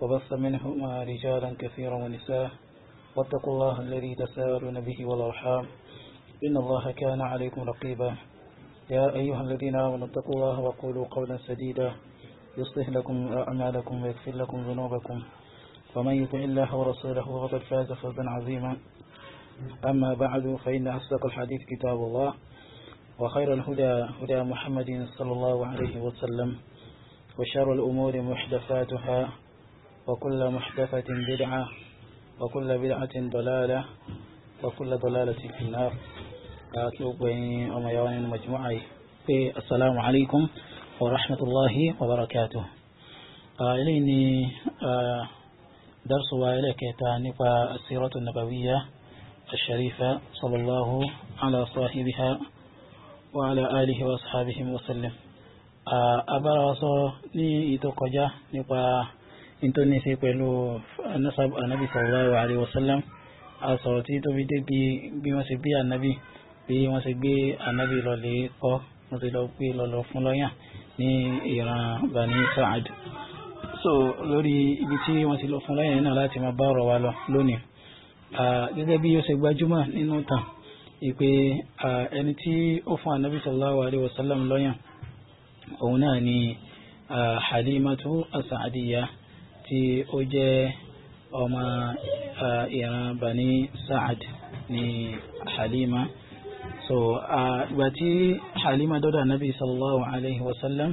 وبث منهما رجالا كثيرا ونساء واتقوا الله الذي تساءلون به والأرحام إن الله كان عليكم رقيبا يا أيها الذين آمنوا اتقوا الله وقولوا قولا سديدا يصلح لكم أعمالكم ويغفر لكم ذنوبكم ومن يطع الله ورسوله فقد فاز فوزا عظيما أما بعد فإن أصدق الحديث كتاب الله وخير الهدى هدى محمد صلى الله عليه وسلم وشر الأمور محدثاتها وكل محدثة بدعة وكل بدعة ضلالة وكل ضلالة في النار أتوبين وميان مجموعي السلام عليكم ورحمة الله وبركاته إليني آه، درس وإليك تاني السيرة النبوية الشريفة صلى الله على صاحبها وعلى آله وأصحابه وسلم آه، أبرز ني إتوكجا نبا tó ní ṣe pẹ̀lú anábì sallallahu alaihi wasallam àsọ̀rọ̀ tí tó fi dé bí wọ́n ṣe bí anábì bí wọ́n ṣe gbé anábì lọ́lẹ̀ kọ́ wọ́n ti lọ gbé lọ́lọ́ fún lọ́yàn ní ìran Bani Sa'ad so lórí ibi tí wọ́n ti lọ fún lọ́yàn náà láti máa bá ọ̀rọ̀ wa lọ lónìí gẹ́gẹ́ bí ó ṣe gbajúmọ̀ nínú tàn ìpè ẹni tí ó fún anábì sallallahu alaihi wasallam lọ́yàn òun náà ni Halimatu Asa'adiyya tí ó jẹ́ ọmọ ìran bani saad ní halima so ìgbà tí halima dọ́dọ̀ anabi sallallahu alayhi wa sallam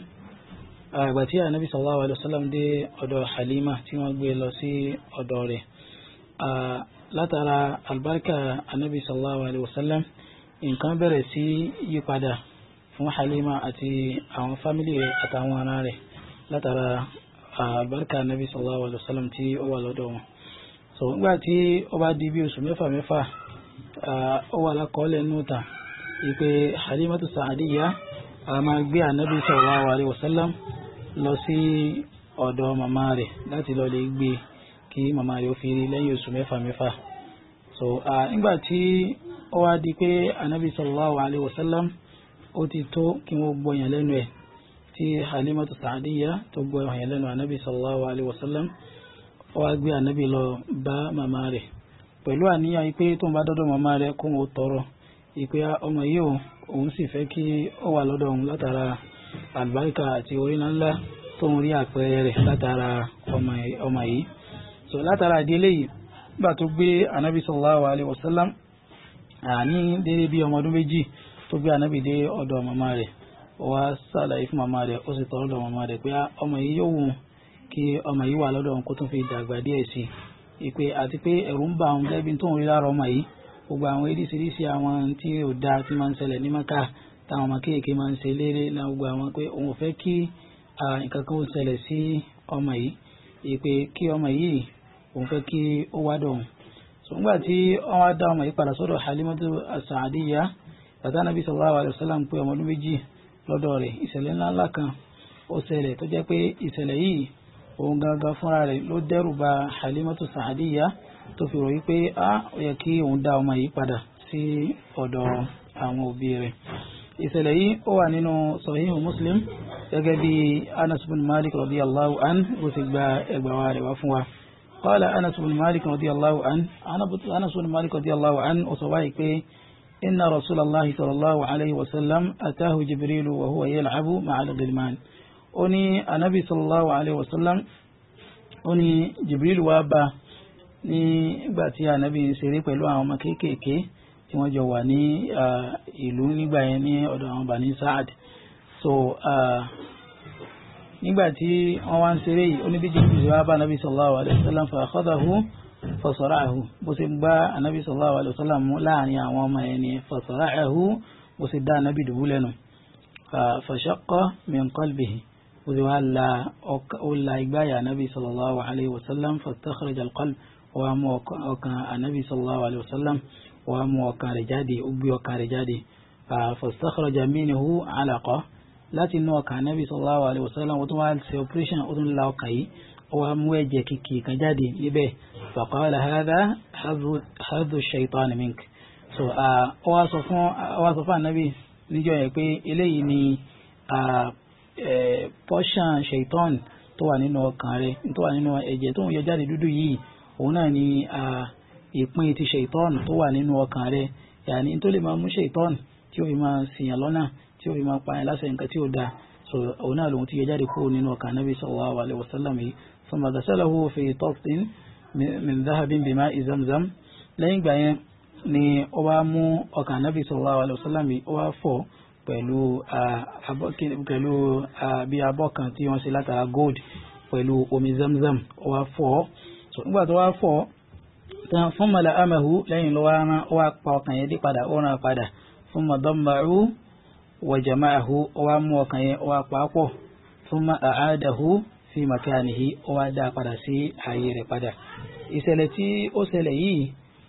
ìgbà tí anabi sallallahu alayhi wa sallam dé ọ̀dọ̀ halima tí wọ́n gbé lọ sí ọ̀dọ̀ rẹ̀ látara albarka anabi sallallahu alayhi wa sallam nǹkan bẹ̀rẹ̀ sí yípadà fún halima àti àwọn fámìlì rẹ̀ àtàwọn ará rẹ̀ látara Ah, àbáríkà nabi sallallahu alayhi wa sallam tí ó wà lọ́dọ̀ wọn so nígbà tí ó bá di bí oṣù mẹ́fà mẹ́fà ah, ó wà lákọọ́lẹ̀ nùtà ìpè halimatu sa'adiya a máa gbé anabi sallallahu alayhi wa sallam lọ sí ọ̀dọ̀ màmá rẹ̀ láti lọ lè gbé kí màmá rẹ̀ ó fi rí lẹ́yìn oṣù mẹ́fà mẹ́fà so nígbà tí ó wá di pé anabi sallallahu alayhi wa sallam ó ti tó kí wọ́n gbọ́yàn lẹ́nu ẹ̀ tí halimatu sa'adiyya tó gbọ́ ìhàn lẹ́nu anabi sallallahu alayhi wa sallam ó wá gbé anabi lọ bá màmá rẹ̀ pẹ̀lú àníyàn yìí pé tó ń bá dọ́dọ̀ màmá rẹ̀ kó wọn tọrọ ìpè ọmọ yìí o òun sì fẹ́ kí ó wà lọ́dọ̀ òun látara àlùbáríkà àti orí ńláńlá tó ń rí àpẹẹrẹ rẹ̀ látara ọmọ yìí so látara àdílé yìí bá tó gbé anabi sallallahu alayhi wa sallam àní déédéé bíi ọmọ ọdún méjì tó gbé anabi dé ọ̀dọ̀ màmá rẹ̀ wá ṣàlàyé fún màmá rẹ̀ ó sì tọrọ lọ màmá rẹ̀ pé ah, ọmọ yìí yóò wù kí ọmọ yìí wà lọ́dọ̀ òun kó tún fi dàgbà díẹ̀ sí i ìpè àti pé ẹ̀rù ń bà òun lẹ́bi tó ń rí lára ọmọ yìí gbogbo àwọn eríṣiríṣi àwọn tí ò ti máa ń ṣẹlẹ̀ ní maka táwọn ọmọ kéèké máa ń ṣe léèrè na gbogbo àwọn pé òun ò fẹ́ kí nǹkan kan ó ṣẹlẹ̀ sí ọmọ yìí ìpè kí ọmọ yìí òun fẹ́ kí ó wá tí wọ́n wá dá ọmọ yìí padà sọ́dọ̀ Halimatu bàtà nàbí lọ́dọ̀ rẹ̀ ìṣẹ̀lẹ̀ ńláńlá kan ó ṣẹlẹ̀ tó jẹ́ pé ìṣẹ̀lẹ̀ yìí òun gangan fúnra rẹ̀ ló dẹ́rù ba Halimatu Sa'adiya tó fi rò wípé a ó yẹ kí òun dá ọmọ yìí padà sí ọ̀dọ̀ àwọn òbí rẹ̀ ìṣẹ̀lẹ̀ yìí ó wà nínú Sahihu Muslim gẹ́gẹ́ bí Anas bin Malik radiyallahu an bó ti gba ẹgbàá wa rẹ̀ wá fún wa. قال أنس بن مالك رضي الله عنه أنس بن مالك رضي الله عنه أصبعي إن رسول الله صلى الله عليه وسلم أتاه جبريل وهو يلعب مع الغلمان أني النبي صلى الله عليه وسلم أني جبريل وابا ní ìgbà tí ànábì ń ṣeré pẹ̀lú àwọn ọmọ kéékèèké tí wọ́n jọ wà ní ìlú nígbà yẹn ní ọ̀dọ̀ àwọn bani saad so nígbà tí wọ́n wá ń ṣeré yìí ó ní bí jìbìtì wá bá ànábì sallallahu alaihi wasallam fa akhadahu fasọ̀ráàhù bó ṣe bá anabi sallallahu alayhi wa sallam láàrin àwọn ọmọ yẹn ni fasọ̀ráàhù bó ṣe dá anabi dùbú lẹ́nu fàṣọkọ min qalbihi bó ṣe wá la ó la igbáyà anabi sallallahu alayhi wa sallam fastakhraj alqalb wàá mú ọkàn anabi sallallahu alayhi wa sallam wàá mú ọkàn rẹ̀ jáde ó gbé ọkàn rẹ̀ jáde fastakhraj minhu alaqa láti inú ọkàn anabi sallallahu alayhi wa sallam ó tún wá ṣe operation ó tún la ọkàn yìí wa mú ẹ̀jẹ̀ kìkì kan jáde níbẹ̀ faqala hadha hadhu shaitan mink so ó wá sọ fún anabi níjọ́ yẹn pé eléyìí ni portion shaitan tó wà nínú ọkàn rẹ tó wà nínú ẹ̀jẹ̀ tó ń yọ jáde dúdú yìí òun náà ni ìpín ti shaitan tó wà nínú ọkàn rẹ yàní tó lè máa mú shaitan tí ó fi máa sìyàn lọ́nà tí ó fi máa pààyàn lásán nǹkan tí ó da so òun náà lòun ti yọ jáde kúrò nínú ọkàn Ànábì sallallahu alaihi wasallam yìí ثم غسله في طرف من ذهب بماء زمزم lẹ́yìn ìgbà yẹn ni ó wá mú ọkàn anábì sallallahu alaihi wasallam ó wá fọ̀ pẹ̀lú pẹ̀lú bí abọ́ kan tí wọ́n ṣe látara gold pẹ̀lú omi zamzam ó wá fọ̀ so nígbà tó wá fọ̀ tán fún mọ̀lá amahu lẹ́yìn ló wá pa ọkàn yẹn dé padà ó padà fún mọ̀dọ́mbàrú wọ̀jàmáhu ó wá mú ọkàn yẹn ó pa á fún mọ̀ àádáhu sí makanihi ó wá dá padà sí ààyè rẹ̀ padà ìṣẹ̀lẹ̀ tí ó ṣẹlẹ̀ yìí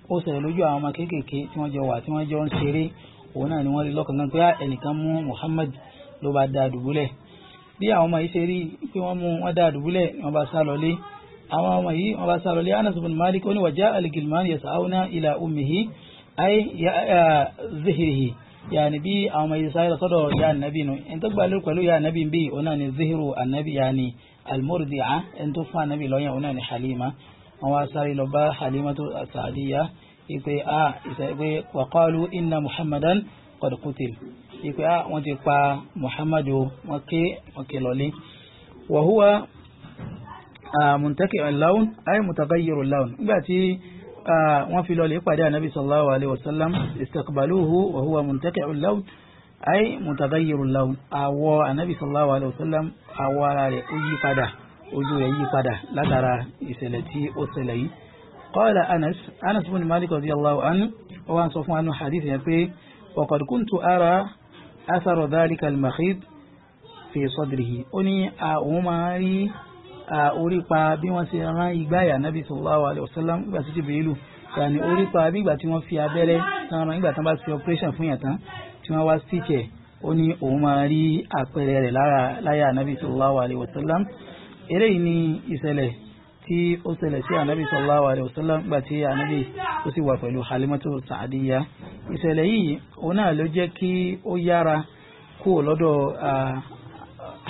ó ṣẹlẹ̀ lójú àwọn ọmọ kéékèèké tí wọ́n jọ wà tí wọ́n jọ ń ṣeré òun náà ni wọ́n rí lọ́kàn kan pé ah, ẹnìkan mú Muhammad ló bá dá dùbúlẹ̀ bí àwọn ọmọ yìí ṣe rí pé wọ́n mú wọ́n dá dùbúlẹ̀ wọ́n bá sá lọlé àwọn ọmọ yìí wọ́n bá sá lọlé Anas bin Malik ó ní wàjá aligilman yasawuna ila umihi ay zihirihi yaani bí àwọn ọmọ yìí sáyẹ lọsọdọ ya nabi nù ẹni tó gbà lérò pẹ̀lú ya nabi bí òun náà ni zihiru anabi yaani almurdi'a ẹni tó fún anabi lọ́yàn òun náà ni halima wọn wá sáré lọ bá halima tó sàdíyà ipe a ìsàgbé wàkọ́lù inna muhammadan qad qutil ipe a ah, wọ́n ti pa muhammadu wọ́n ké wọ́n ké lọ́lé wa huwa ah, muntaki'ul lawn ay mutaghayyirul lawn nígbà tí ah, wọ́n fi lọ́lé pàdé anabi sallallahu alayhi wa sallam istaqbaluhu wa huwa muntaki'ul ay mutaghayyirul lawn àwọ̀ anabi sallallahu alayhi wa sallam àwọ̀ ara rẹ̀ ó yí padà ojú rẹ̀ yí padà látara ìṣẹ̀lẹ̀ tí ó ṣẹlẹ̀ yìí. qala anas anas bin malik radiyallahu anhu ó wá ń sọ fún anu hadith yẹn pé wa qad ara athara dhalika al fi sadrihi ó ní àwọn máa rí orípa bí wọ́n ṣe rán igbáyà anabi sallallahu alayhi wa sallam nígbà tí jibrilu yàní orípa bí ìgbà tí fi abẹ́rẹ́ tán nígbà tí wọ́n bá ṣe operation fún yàn tí wọ́n wá speech ẹ̀ ó ní òun máa rí àpẹẹrẹ rẹ̀ lára láyà anabi sallallahu alayhi wa sallam eléyìí ni ìṣẹ̀lẹ̀ tí ó ṣẹlẹ̀ sí anabi sallallahu alayhi wa sallam gbà tí anabi ó sì wà pẹ̀lú halimatu saadiya ìṣẹ̀lẹ̀ yìí òun náà ló jẹ́ kí ó yára kó lọ́dọ̀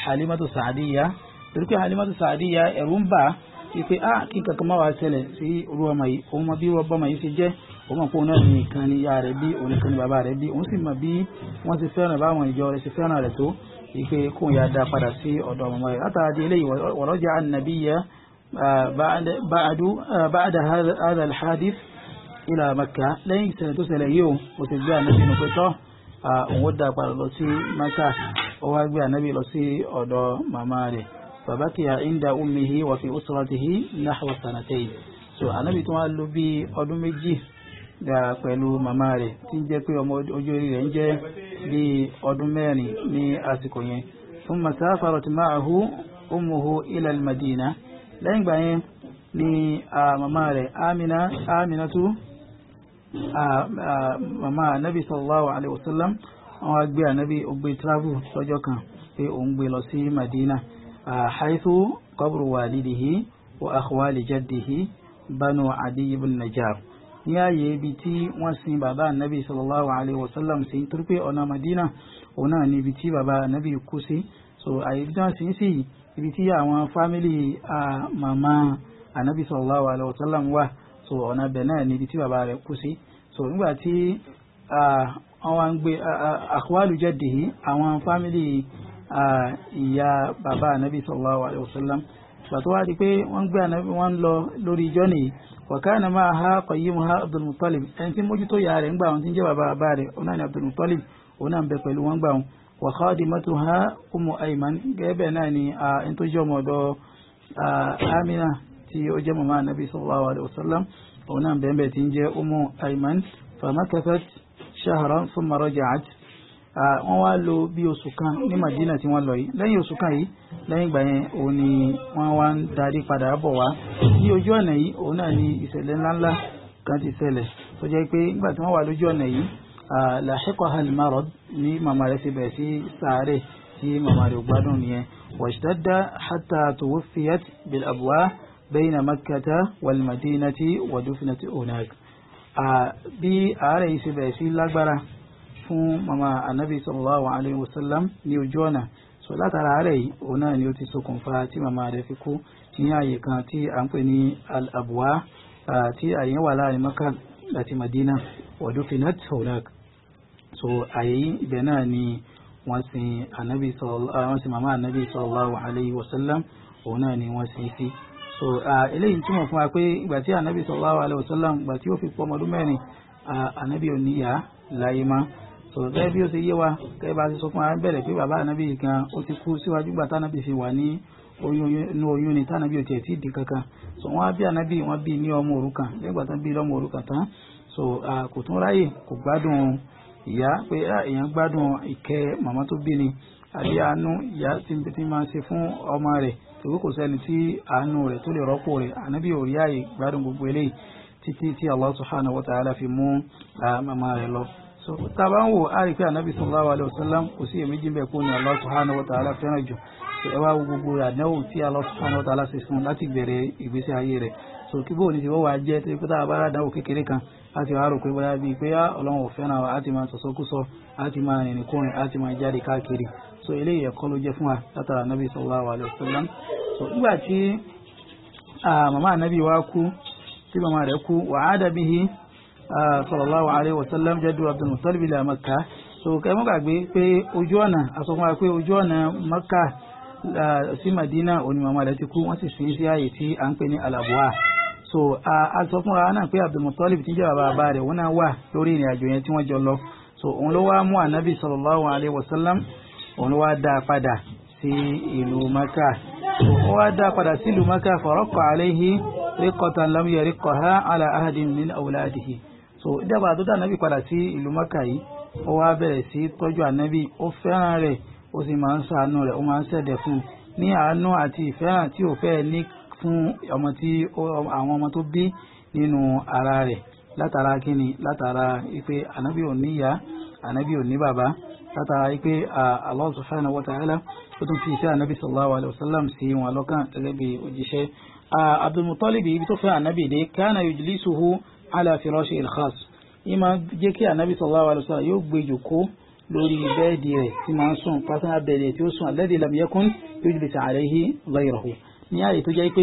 halimatu saadiya torí pé halimatu saadiya ẹ̀rù ń bà á a ah, kí kankan máa wá ṣẹlẹ̀ sí olúwa mayi òun mọ bí wọ́n bọ́ mayi ṣe jẹ́ ó mọ̀ pé òun náà nìkan ni ìyá rẹ̀ bí òun nìkan ni bàbá rẹ̀ bí òun sì mọ̀ bí wọ́n ti fẹ́ràn báwọn ìjọ rẹ̀ ti fẹ́ràn rẹ̀ tó ìpè kóun yà dá padà sí ọ̀dọ̀ màmá rẹ̀ látàdí eléyìí wọ̀lọ́jà ànàbíyà ba'da hadha al-hadith ila Makkah lẹ́yìn ìṣẹ̀lẹ̀ tó ṣẹlẹ̀ yìí ó ti gbé ànábì nù pé òun ó padà lọ sí Mákà ó wá gbé ànábì lọ sí ọ̀dọ̀ màmá rẹ̀ fabakiya inda ummihi wa fi usratihi nahwa sanatayn so ànábì tó wá lò bí ọdún méjì dára pẹ̀lú màmá rẹ̀ tí ń jẹ́ pé ọmọ ojú orí rẹ̀ ń jẹ́ bí ọdún mẹ́rin ní àsìkò yẹn fún masáfàrọ̀ tí máa hu umuhu ila almadina lẹ́yìn ìgbà yẹn ni màmá rẹ̀ amina aminatu màmá anabi sallallahu alayhi wa sallam wọn wá gbé anabi ogbe travel lọ́jọ́ kan pé òun gbé lọ sí madina haithu qabru walidihi wa akhwali jaddihi banu adiyi bin najjar ní ààyè ibi tí wọ́n sin bàbá anabi sallallahu alayhi wa sallam sí torí pé ọ̀nà madina òun náà ni ibi tí bàbá anabi kú sí so ààyè ibi tí wọ́n sin sí ibi tí àwọn fámìlì màmá anabi sallallahu alayhi wa sallam wà so ọ̀nà bẹ̀ náà ni ibi tí bàbá rẹ̀ kú sí so nígbà tí wọ́n wá ń gbé àkúwálù jaddihi àwọn fámìlì ìyá bàbá anabi sallallahu alayhi wa sallam ìgbà tó wá di pé wọ́n gbé anabi wọ́n lọ lórí jọ́nìí wàkàna máa ha kọ̀yìmù ha abdulmutalib ẹni tí mójútó ìyá rẹ̀ ń gbà wọn tí ń jẹ́ bàbá bàbá rẹ̀ ọ̀nà ni abdulmutalib ọ̀nà ń bẹ pẹ̀lú wọn gbà wọn wa khadimatu ha umu ayman gẹ́gẹ́ náà ni ẹni tó jẹ́ ọmọ ọ̀dọ̀ amina tí ó jẹ́ mọ̀mọ́ anabi sallallahu alayhi wa sallam ọ̀nà ń bẹ tí ń umu ayman famakathat shahran thumma raja'at wọ́n wá lò bí oṣù kan ní Madina tí wọ́n lọ yìí lẹ́yìn oṣù kan yìí lẹ́yìn ìgbà yẹn òun ni wọ́n wá ń darí padà bọ̀ wá ní ojú ọ̀nà yìí òun náà ni ìṣẹ̀lẹ̀ ńláńlá kan ti ṣẹlẹ̀ tó jẹ́ pé nígbà tí wọ́n wà lójú ọ̀nà yìí làṣẹ́kọ̀ halimarod ní màmá rẹ̀ ti bẹ̀rẹ̀ sí sáré tí màmá rẹ̀ gbádùn nìyẹn wàṣídàdà hàtà tòwófìyàt bil abwa bayna makkata wal madinati wàdúfinati onag bí àárẹ̀ yìí ti bẹ̀rẹ̀ sí lágbára fún mama anabi sallallahu alayhi wa sallam ní ojú ọ̀nà so látara àárẹ̀ yìí òun náà ni ó ti ṣokùnfà tí mama rẹ̀ fi kú ní ààyè kan tí à ń pè ní al-abuwa tí ààyè wà láàrin maka àti madina wadufinat honak so ààyè yìí ibẹ̀ náà ni wọ́n sin anabi wọ́n sin mama anabi sallallahu alayhi wa sallam òun náà ni wọ́n sin sí so eléyìí túmọ̀ fún wa pé ìgbà tí anabi sallallahu alayhi wa sallam ìgbà tí ó fi pọ́ ọmọdún mẹ́rin anabi ò láyé máa sọ̀rọ̀ gẹ́gẹ́ bí ó ṣe yé wa gẹ́gẹ́ bá a ṣe sọ fún wa bẹ̀rẹ̀ pé bàbá ànábì kan ó ti kú síwájú gbà tánábì fi wà ní inú oyún ni tánábì ò tiẹ̀ tí di kankan so wọ́n á bí ànábì wọ́n bí ní ọmọ òrukàn nígbà tán bí lọ́mọ òrukàn tán so kò tún ráyè kò gbádùn ìyá pé èèyàn gbádùn ìkẹ́ màmá tó bí ni àbí àánú ìyá tí máa ṣe fún ọmọ rẹ̀ tòwé kò sẹ́ni tí àánú rẹ̀ tó lè rọ́pò rẹ̀ ànábì ò rí àyè gbádùn gbogbo eléyìí títí tí Allah subhanahu wa ta'ala fi mú màmá rẹ̀ lọ so tábà ń wò á rí i pé anabi sallallahu alayhi wa sallam kò sí èméjì bẹ́ẹ̀ kó ní Allah subhanahu wa ta'ala fẹ́ràn jù so ẹ wá wo gbogbo àdánwò tí Allah subhanahu wa ta'ala ṣe fún láti bẹ̀rẹ̀ ìgbésí ayé rẹ̀ so kí bóun ní ti wọ́n wá jẹ́ tó yẹ kó tá a bá rà dánwò kékeré kan láti wá rò pé bóyá bíi pé ah, ọlọ́run ò fẹ́ràn wa láti máa sọ̀sọ́kúsọ láti máa rìnrìn kúrìn láti máa jáde káàkiri so eléyìí ẹ̀kọ́ ló jẹ́ fún wa látara anabi sallallahu alayhi wa sallam nígbà tí ah, màmá anabi wa kú tí màmá rẹ̀ kú wàá dàbí Ah, sallallahu alayhi wa sallam jaddu abdul muttalib ila makka so kẹ́ mọ́ gbàgbé pé ojú ọ̀nà àsọfún wa pé ojú ọ̀nà makka ah, sí madina òní màmá rẹ̀ ti kú wọ́n sì sin sí ààyè tí à ń pè ní alabuwa so àsọfún wa náà pé abdul muttalib ti jẹ́ bàbá bàbá rẹ̀ wọ́n náà wà lórí ìrìn àjò yẹn tí wọ́n jọ lọ so òun ló wá mú ànábì sallallahu alayhi wa òun ló wá dá padà sí ìlú makka ó wá dá padà sí ìlú makka faraqqa alayhi riqatan lam yariqaha ala ahadin min awladihi so ìjàpá tó dá ànábì padà sí ìlú mọ́kà yìí ó wá bẹ̀rẹ̀ sí tọ́jú ànábì ó fẹ́ràn rẹ̀ ó sì máa ń ṣàánú rẹ̀ ó máa ń ṣẹ̀dẹ̀ fún un ní àánú àti ìfẹ́ràn tí ò fẹ́ ní fún ọmọ tí àwọn ọmọ tó bí nínú ara rẹ̀ látara kíni látara ipe ànábì ò ní ìyá ànábì ò ní bàbá látara ipe Allah subhanahu wa ta'ala ó tún fi iṣẹ́ ànábì sallallahu alayhi wa ala firashi ilkhas ìmọ̀ jẹ́ kí anabi sallallahu alayhi wa sallam yóò gbé jòkó lórí bẹ́ẹ̀dì rẹ̀ tí máa ń sùn personal bẹ́ẹ̀dì tí ó sùn alladhi lam yakun yujlis alayhi ghayruhu ní ààyè tó jẹ́ pé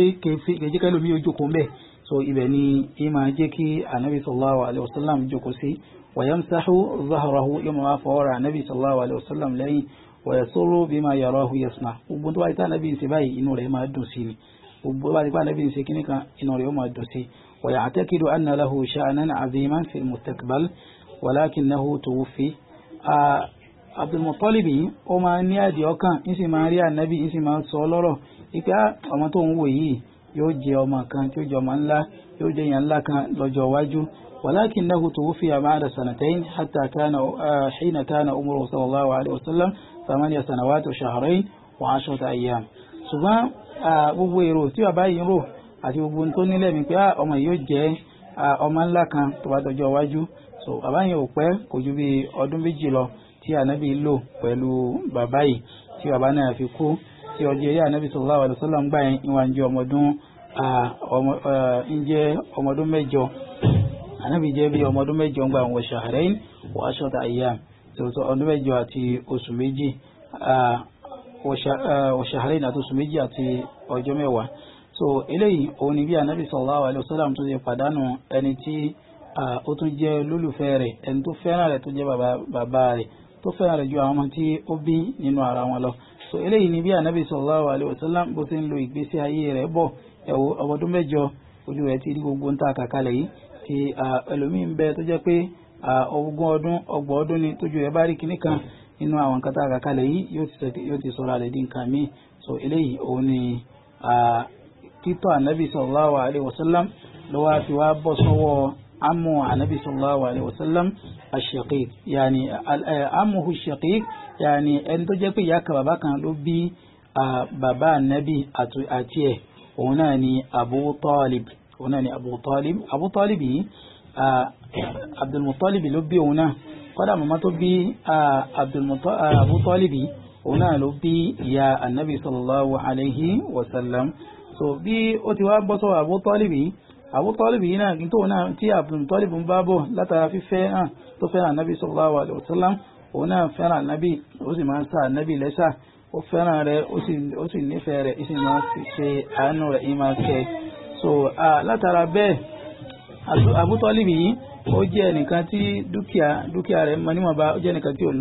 kejìká lómi ó jòkó mbẹ́ so ibẹ̀ ni ìmọ̀ jẹ́ kí anabi sallallahu alayhi wa sallam jòkó sí wa yamsahu zahrahu ìmọ̀ wá fọwọ́ra anabi sallallahu alayhi wa sallam lẹ́yìn wa yasuru bima yarahu yasna gbogbo tó bá ti tá anabi ń ṣe báyìí inú rẹ̀ máa dùn sí ni gbogbo bá ti pa anabi ń ṣe kíníkan inú rẹ̀ ó máa dùn sí ويعتقد أن له شأنا عظيما في المستقبل ولكنه توفي آه عبد المطلب وما نيادي وكان إنسي ماريا النبي إنسي ما صلوره إكا وما تنوي yóò jẹ ọmọ kan tí ó jẹ ọmọ ńlá yóò jẹ èèyàn ńlá kan lọ́jọ́ iwájú walakinahu tuwufiya ba'da sanatayn hatta kana ah, hina kana umruhu sallallahu alaihi wasallam samaniya sanawat wa shahrayn wa ashrata ayyam ṣùgbọ́n ah, gbogbo èrò tí bàbá yìí ń rò àti gbogbo tó nílẹ̀ mi pé ah, ọmọ yìí yóò jẹ́ ah, ọmọ ńlá kan tó bá dọjọ́ iwájú so bàbá yẹn ò pẹ́ kò ju bí ọdún méjì lọ tí ànábì lò pẹ̀lú bàbá yìí tí bàbá náà fi kú tí ọjọ́ eré ànábì sallallahu alaihi wasallam ń gbà yẹn ìwà ń jẹ́ ọmọdún ah, ń jẹ́ ọmọdún mẹ́jọ ànábì jẹ́ bí ọmọdún mẹ́jọ ń gbà wọ shahrain wa ashata ayyam àti oṣù méjì àti ọjọ́ mẹ́wàá so eléyìí òun ni bí anabi sallallahu alayhi wa sallam tó ṣe pàdánù ẹni tí ó tún jẹ́ olólùfẹ́ rẹ̀ ẹni tó fẹ́ràn rẹ̀ tó jẹ́ bàbá rẹ̀ tó fẹ́ràn rẹ̀ ju àwọn ọmọ tí ó bí nínú ara wọn lọ so eléyìí ni bí anabi sallallahu alayhi wa sallam bó ti ń lo ìgbésí ayé rẹ̀ bọ̀ ẹ̀wọ̀ ọmọdún mẹ́jọ ojú rẹ̀ ti rí gbogbo ń ta kàkálẹ̀ yìí ti ẹlòmíín bẹ tó jẹ́ pé ogún ọdún ọgbọ̀n ọdún ni tójú rẹ̀ bá rí kinní kan nínú àwọn nǹkan tá a yìí yóò ti sọ̀rọ̀ títọ́ ànábì sallallahu alayhi wa sallam ló wá fi wá bọ́ sọ́wọ́ amú ànábì sallallahu alayhi wa sallam ash-shaqiq yàní amúhu ash-shaqiq yàní ẹni tó jẹ́ pé ìyá kan bàbá kan ló bí bàbá ànábì àti ẹ̀ òun náà ni Abu Talib òun náà ni Abu Talib Abu Talib yìí Abdulmuttalib ló bí òun náà kọ́dà màmá tó bí Abdulmuttalib òun náà ló bí ìyá ànábì sallallahu alayhi wa sallam so bí ó ti wá bọ́ sọ́wọ́ Abu Talib yìí Abu Talib yìí náà kí n tóun náà tí Abu Talib ń bá bọ̀ látara fífẹ́ hàn tó fẹ́ràn anábì sallallahu alaihi wasallam òun náà fẹ́ràn anábì ó sì máa ń sa anábì lẹ́sà ó fẹ́ràn rẹ̀ ó sì nífẹ̀ẹ́ rẹ̀ ìsìn máa fi ṣe àánú rẹ̀ ìmọ̀ kẹ́ so látara bẹ́ẹ̀ Abu Talib yìí ó jẹ́ ẹnìkan tí dúkìá dúkìá rẹ̀ mọ́ níwọ̀nba ó jẹ́ ẹnìkan tí ò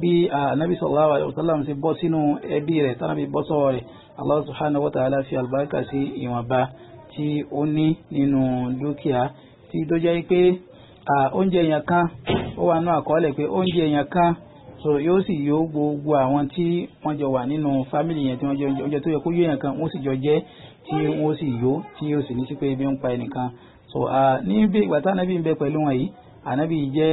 bí anabi sallallahu alayhi wa sallam ṣe bọ́ sínú ẹbí rẹ̀ tánàbí bọ́ sọ́wọ́ rẹ̀ allah subhanahu wa ta'ala fi albarka sí ìwọ̀nba tí ó ní nínú dúkìá tí tó jẹ́ pé oúnjẹ èèyàn kan ó wà nínú àkọọ́lẹ̀ pé oúnjẹ èèyàn kan so yóò sì yóò gbogbo àwọn tí wọ́n jọ wà nínú fámìlì yẹn tí wọ́n jọ oúnjẹ tó yẹ kó yó èèyàn kan wọ́n sì jọ jẹ tí wọ́n sì yó tí yóò sì ní sí pé ebi ń pa ẹnìkan so ní bí ìgbà tá ànábì ń bẹ pẹ̀lú wọn yìí ànábì jẹ́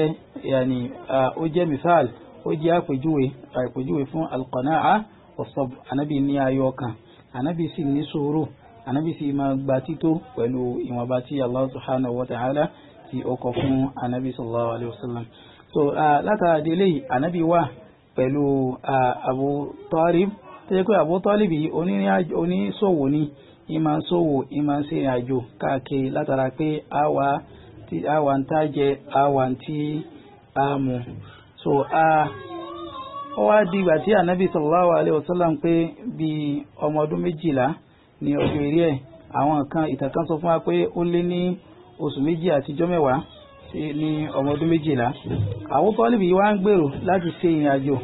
ó jẹ́ mìsáàlì ó jẹ́ àpèjúwe àpèjúwe fún alqana'a wasabr anabi ní ayọ̀ kan anabi sì ní sùúrù anabi sì máa gba tító pẹ̀lú ìwọ̀nba tí allah subhanahu wa ta'ala ti ọkọ̀ fún anabi sallallahu alayhi wa sallam so látara délé anabi wà pẹ̀lú abu talib tó yẹ pé abu talib yìí oníṣòwò ni ìmọ̀ ṣòwò ìmọ̀ ṣe àjò káàkiri látara pé àwa ń tá àwa ń tí a mú so ó wá di ìgbà tí ànábì sallallahu alaihi wasallam pé bí ọmọ ọdún méjìlá ní ọjọ́ eré ẹ̀ àwọn kan ìtàn kan sọ fún wa pé ó lé ní oṣù méjì àtijọ́ mẹ́wàá ní ọmọ ọdún méjìlá Abu Talib yìí wá ń gbèrò láti ṣe ìrìn àjò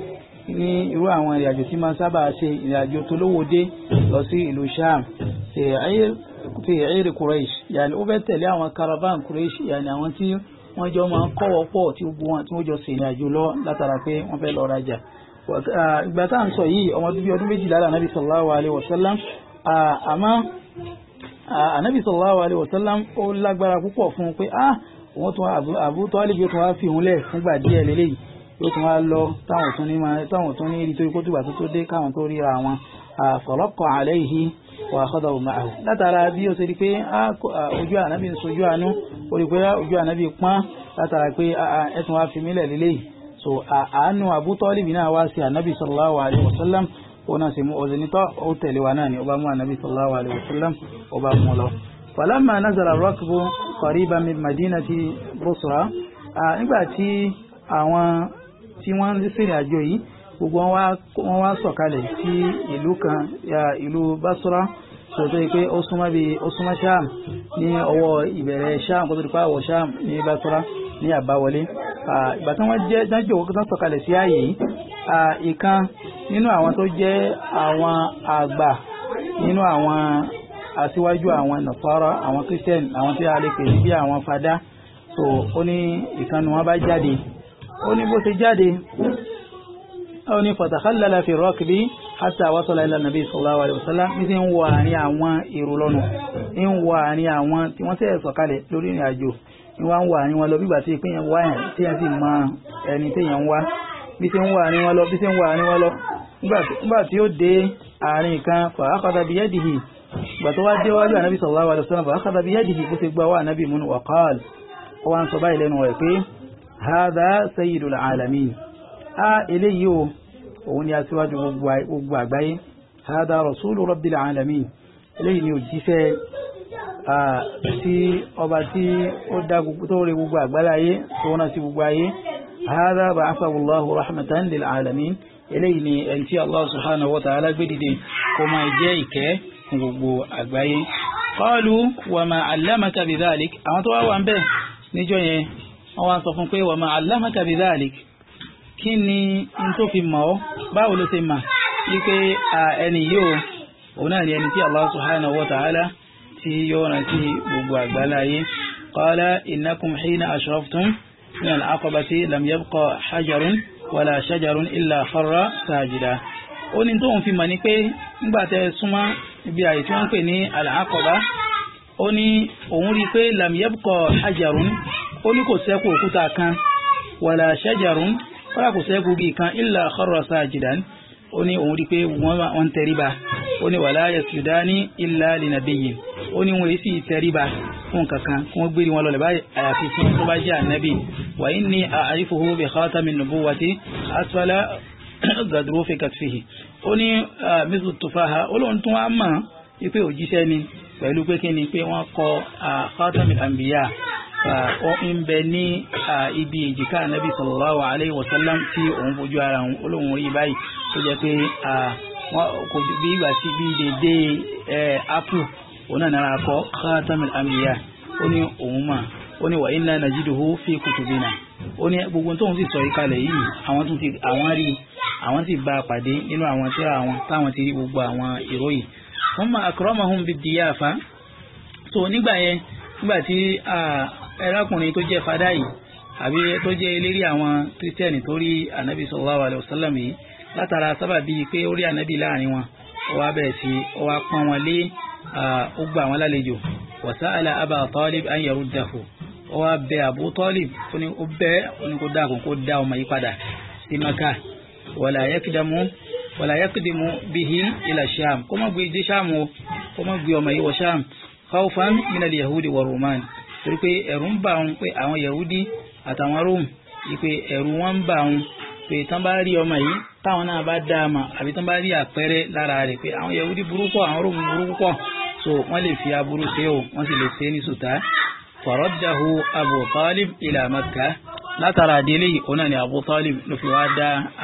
ní irú àwọn ìrìn àjò tí máa sábà ṣe ìrìn àjò tó lówó dé lọ sí ìlú Sham fi ẹ̀rí Quraish yàní ó fẹ́ tẹ̀lé àwọn caravan Quraish yàní àwọn tí wọ́n jọ máa ń kọ́wọ́ pọ̀ tí gbogbo wọn tí wọ́n jọ ṣèrìn àjò lọ látara pé wọ́n fẹ́ lọ rajà ìgbà tá à ń sọ yìí ọmọ bíbí ọdún méjìlá ànábì sallallahu alaihi wasallam àmọ́ ànábì sallallahu alaihi wasallam ó lágbára púpọ̀ fún un pé ah òun tún Abu Talib yóò tún wá fi òun lẹ̀ fúngbà díẹ̀ lélẹ́yìí yóò tún wá lọ táwọn tún ní rí torí kó tùgbà tó tó dé káwọn tó ríra wọn àfọlọ́kọ̀ àlẹ́ yìí wà àkọ́dọ̀ òun máa látara bí ó ti rí pé ojú ànábì ń sojú àánú ó rí pé ojú ànábì pọ́n látara pé ẹ̀sùn wa fi mílẹ̀ lélẹ́yìí so àánú Abu Talib náà wá sí ànábì sallallahu alaihi wasallam ó náà sì mú ọ̀sẹ̀ nítọ́ ó tẹ̀lé wa náà ni ó mú ànábì sallallahu alaihi wasallam ó bá mú lọ. falamma nazala rakbu qariba min madinati Busra nígbà tí àwọn tí wọ́n ń sìnrìn àjò yìí gbogbo wọn wá sọ̀kalẹ̀ sí ìlú kan ìlú basra sọ̀tọ́ yìí pé ó súnmọ́ bí ó súnmọ́ sham ní ọwọ́ ìbẹ̀rẹ̀ sham kó tó di pa àwọ̀ sham ní basra ní àbáwọlé ìgbà tí wọ́n jẹ́ dájú òkú tó sọ̀kalẹ̀ sí ààyè ìkan nínú àwọn tó jẹ́ àwọn àgbà nínú àwọn aṣíwájú àwọn nàfọ́rọ́ àwọn christian àwọn tí a lè pè bí àwọn fada so ó ní ìkan ni wọ́n bá jáde ó ní bó ṣe jáde ó ní fatakhallala fi rakbi hatta wasala ila nabi sallallahu alayhi wa sallam ní ti ń wọ àárín àwọn èrò lọ́nà ń wọ àárín àwọn tí wọ́n sẹ́ẹ̀ sọ̀kalẹ̀ lórí ìrìn àjò ń wá ń wọ wọn lọ bígbà tí ìpínyẹn wá yẹn tí yẹn sì mọ ẹni tí yẹn wá bí ti ń wọ àárín wọn lọ bí ti ń wọ àárín wọn lọ nígbà tí ó dé àárín kan fa gbà tó wá dé wájú ànábì òun ni aṣíwájú gbogbo àgbáyé hada rasulu rabbil alamin eléyìí ni òjíṣẹ́ tí ọba tí ó dá gbogbo tó rí gbogbo àgbáláyé tó náà sí gbogbo ayé hada ba'athahu Allahu rahmatan lil alamin eléyìí ni ẹni tí Allah subhanahu wa ta'ala gbé dìde kó máa jẹ́ ìkẹ́ fún gbogbo àgbáyé qalu wa ma allamaka àwọn tó wá wà ń bẹ̀ níjọ́ yẹn wọ́n wá sọ fún pé wa ma allamaka kí ni n tó fi mọ̀ ọ́ báwo ló ṣe mà wípé ẹni yóò òun náà ni ẹni tí Allah subhanahu wa ta'ala tí yóò rántí gbogbo àgbáláyé qala innakum hina ashraftum min al-aqabati lam yabqa hajarun wala shajarun illa kharra sajida ó ní tóun fi mọ̀ ní pé nígbà tẹ́ súnmọ́ ibi àyè tí wọ́n ń pè ní al ó ní òun rí i pé lam hajarun ó ní kò sẹ́kù òkúta kan wala shajarun kọ́lá kò sẹ́kù bíi kan illa kharra sajidan ó ní òun rí pé wọ́n ń tẹríba ó ní wala yasjudani illa linabiyyin ó ní wọ́n sì tẹríba fún kankan kí wọ́n gbéri wọn lọ lẹ́bàá àyàfi fún tó bá jẹ́ ànábì wa inni a'rifuhu bi khatamin nubuwati asfala gadro fi katfihi ó ní mislu tufaha ó lóun tún wá mọ̀ pé òjíṣẹ́ ni pẹ̀lú pé kí ni pé wọ́n kọ khatamin anbiya ó ń bẹ ní ibi èjìká anabi sallallahu alayhi wa sallam tí òun fojú ara òun olóhùn rí báyìí tó jẹ́ pé ah, kò bí ìgbà tí bí dédé eh, apple òun náà nara kọ khatamul anbiya ó ní òun mà ó ní wa inna najiduhu fi kutubina ó ní gbogbo tóun sì sọ ìkalẹ̀ yìí àwọn tún ti àwọn rí àwọn sì bá a pàdé nínú àwọn tí àwọn táwọn ti rí gbogbo àwọn ìròyìn thumma akramahum bid-diyafa so nígbà yẹn nígbà tí ẹrákùnrin tó jẹ́ fadá yìí àbí tó jẹ́ eléré àwọn kírísítẹ́nì tó rí ànábì sallallahu alaihi wasallam yìí látara sábàbí pé ó rí ànábì láàrin wọn ó wá bẹ̀rẹ̀ sí ó wá pọ́n wọn lé ó gba àwọn lálejò wa sa'ala Aba Talib an yaruddahu ó wá bẹ Abu Talib ó ó bẹ́ ó ní kó dákun kó dá ọmọ yìí padà sí Maka wala yakdamu wala yakdimu bihi ila Sham kó gbé dé Sham o kó gbé ọmọ yìí wọ Sham khawfan minal yahudi wa romani torí pé ẹ̀rù ń bà wọn pé àwọn yahudi àtàwọn rome ipe ẹ̀rù wọn ń bà wọn pé tán bá rí ọmọ yìí táwọn náà bá dá a mà àbí tán bá rí àpẹẹrẹ lára rẹ̀ pé yahudi burúkú àwọn rome burúkú so wọ́n lè fi aburú ṣe o wọ́n sì lè ṣe ní sùtá faraddahu abu talib ila makka látara délé yìí òun ni abu talib ló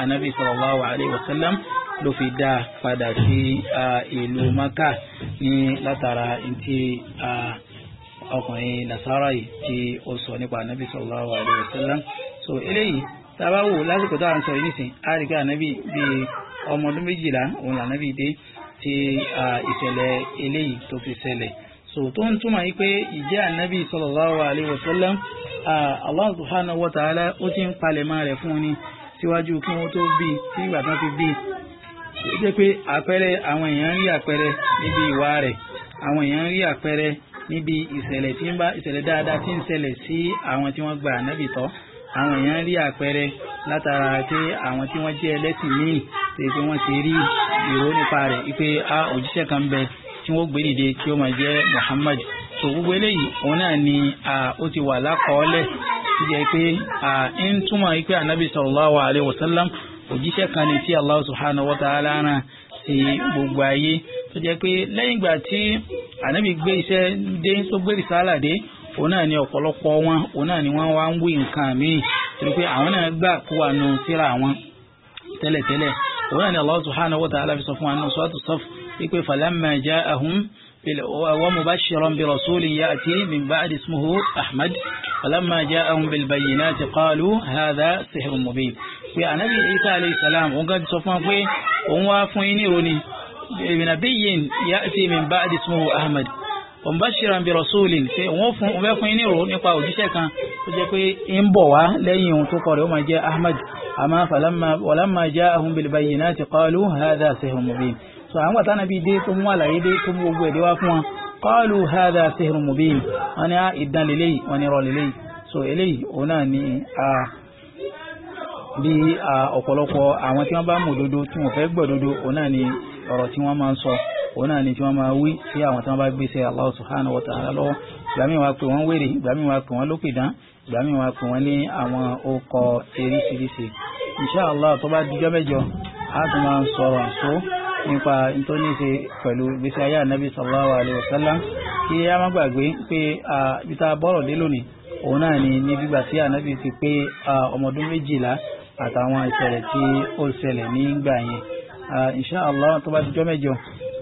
anabi sallallahu alayhi wa ló fi dá padà sí ìlú maka ní látara ntí ọkùnrin nasara yìí tí ó sọ nípa anabi sallallahu alayhi wa so eléyìí tábà wò lásìkò táwọn sọ yìí nìsín á rí ká anabi bíi ọmọ ọdún méjìlá òun lànàbì dé tí ìṣẹ̀lẹ̀ eléyìí tó fi ṣẹlẹ̀ so tó ń túmọ̀ yìí pé ìjẹ́ anabi sallallahu alayhi wa Allah subhanahu wa ta'ala ó ti ń palẹ̀mọ́ rẹ̀ fún ni síwájú kí wọ́n tó bí tí ìgbà tán fi bí ó jẹ́ pé àpẹẹrẹ àwọn èèyàn ń rí àpẹẹrẹ níbi ìwà rẹ̀ àwọn èèyàn ń rí àpẹẹrẹ níbi ìṣẹ̀lẹ̀ tí ń bá ìṣẹ̀lẹ̀ dáadáa tí ń ṣẹlẹ̀ sí àwọn tí wọ́n gba ànábì tọ́ àwọn èèyàn rí àpẹẹrẹ látara pé àwọn tí wọ́n jẹ́ ẹlẹ́sìn míì ṣe pé wọ́n ti rí ìró nípa rẹ̀ wípé a òjíṣẹ́ kan bẹ tí wọ́n gbé dìde tí ó máa jẹ́ Muhammad tó gbogbo eléyìí òun náà ni ó ti wà lákọọ́lẹ̀ ti jẹ́ pé ń túmọ̀ wípé ànábì sallallahu alaihi wasallam òjíṣẹ́ kan ní tí Allah subhanahu wa ta'ala rán sí gbogbo ayé tó jẹ́ pé lẹ́yìn ìgbà tí ànábì gbé iṣẹ́ dé tó gbé rìsálà dé òun náà ni ọ̀pọ̀lọpọ̀ wọn òun náà ni wọ́n wá ń wí nǹkan míì torí pé àwọn náà gbà kó wà nù síra wọn tẹ́lẹ̀tẹ́lẹ̀ òun náà ni Allah subhanahu wa ta'ala fi sọ fún wa nù sọ́tù sọ́fù wípé falamma ja'ahum wa mubashiran bi rasulin ya'ti min ba'di ismuhu ahmad falamma ja'ahum bil bayyinati qalu hadha sihrun mubin pé ànábì isa alayhi salam òun gan ti sọ fún wa pé òun wá fún yín ní ìròyìn ìrìnàbíyìn ya'ti min ba'di ismuhu ahmad òun bá ṣe ràǹbì rasulin ṣe òun fún òun fẹ́ fún yín ní ìròyìn nípa òjíṣẹ́ kan tó jẹ́ pé ń bọ̀ wá lẹ́yìn òun tó kọ rẹ̀ ó máa jẹ́ ahmad àmọ́ walamma ja'ahum bil bayyinati qalu hadha sihrun mubin so àwọn àtàwọn àbí dé tó mú àlàyé dé tó mú gbogbo ẹ̀dẹ́ wá fún wọn qalu hadha sihrun mubin wọn ni ah, ìdán lélẹ́yìí wọn ni rọ lélẹ́yìí eléyìí òun náà ni ah, bí ọ̀pọ̀lọpọ̀ àwọn tí wọ́n bá mọ̀ òdodo tí wọ́n fẹ́ gbọ́dodo òun náà ni ọ̀rọ̀ tí wọ́n máa ń sọ òun náà ni tí wọ́n máa wí sí àwọn tí wọ́n bá gbé sí Allah subhanahu wa ta'ala lọ́wọ́ ìgbà míì wá pè wọ́n wèrè ìgbà míì wá pè wọ́n lókèdán ìgbà míì wá pè wọ́n ní àwọn okọ̀ eríṣiríṣi insha Allah tó bá dijọ́ mẹ́jọ a tún máa ń sọ̀rọ̀ àṣọ nípa nítorí ṣe pẹ̀lú ìgbésí ayé ànábì sallallahu alayhi wa sallam kí a má gbàgbé pé ibi tá a bọ́rọ̀ lé lónìí òun náà ni ní gbígbà sí ànábì ti pé ọmọdún méjìlá àtàwọn ìṣẹ̀lẹ̀ tí ó ṣẹlẹ̀ nígbà yẹn insha allah tó bá ti jọ́ mẹ́jọ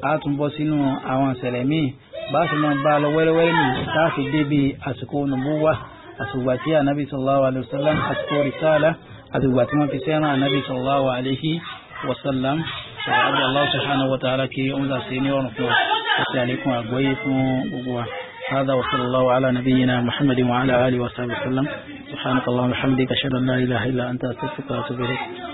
á tún bọ́ sínú àwọn ìṣẹ̀lẹ̀ míì bá a sì máa bá a lọ wẹ́rẹ́wẹ́rẹ́ nù láti débi àsìkò nùbúwà àsìgbà tí anabi sallallahu alayhi wa sallam àsìkò rìsáàlà àsìgbà tí wọ́n fi sẹ́ran anabi sallallahu alayhi wa sallam sọ̀rọ̀ àbí allah subhanahu wa ta'ala kí ó ń ní ọ̀rùn fún wa àti àlékún àgbọ́yé fún gbogbo wa. هذا وصلى الله على نبينا محمد وعلى آله وصحبه وسلم سبحانك اللهم وبحمدك أشهد أن لا إله إلا أنت أستغفرك وأتوب إليك